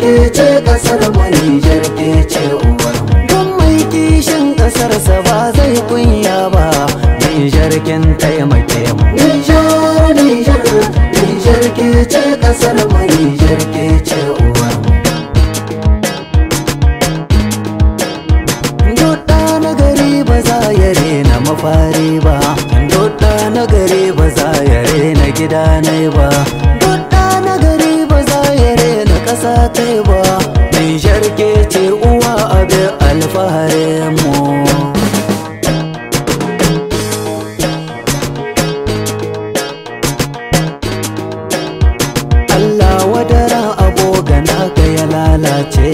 ke ce kasar mu Nijar mai kishin kasar ba zai kunya ba Nijar kin taimake mu Nijar Nijar Nijar ke ce kasar mu Nijar ke ce uwar Dota na ba za ya rena mafari ba Dota nagari gari ba za ya rena gida ba alfaharinmu Allah wadara abogana ga ya lalace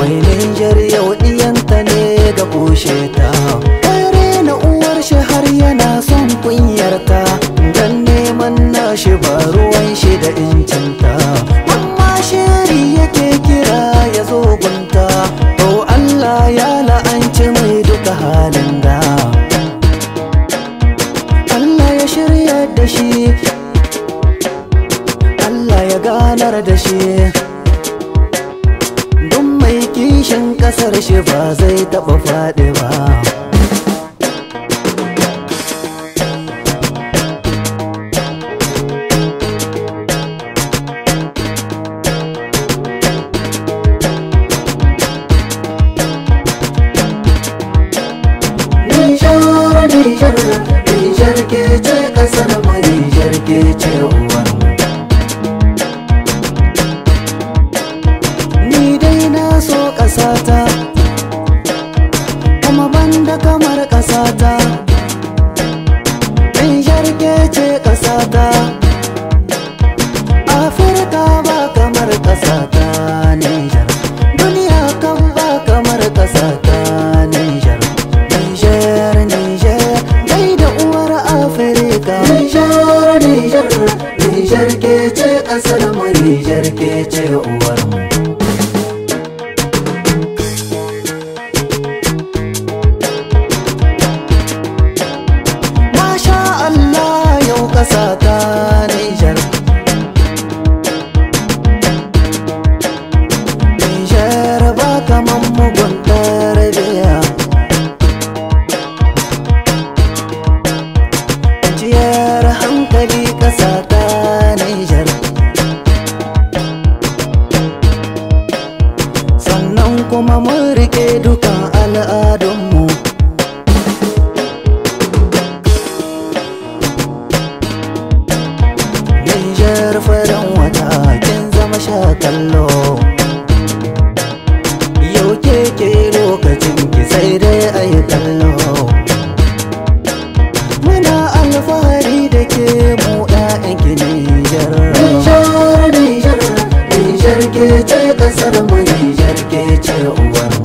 wai Nijar yau ɗiyanta ne ga bushe ta kare na uwar shi har yana son kunyarta da shi Allah ya ganar da shi dun mai kishin ƙasar shi ba zai taɓa faɗi ba Nijar, Nijar, jar ke ce ke ce ni dai na so ƙasata kuma banda kamar ƙasata in sharke ce Nijar ƙasar mu Nijar ke ce uwar mu ne dukan al'adunmu Nijar farin wata kin zama sha kallo Yau keke lokacin ki sai dai yi kallo Muna alfahari da ke mu ɗa'yanki Nijar Nijar, Nijar, Nijar ke ce ƙasar mu Nijar ke ce uwar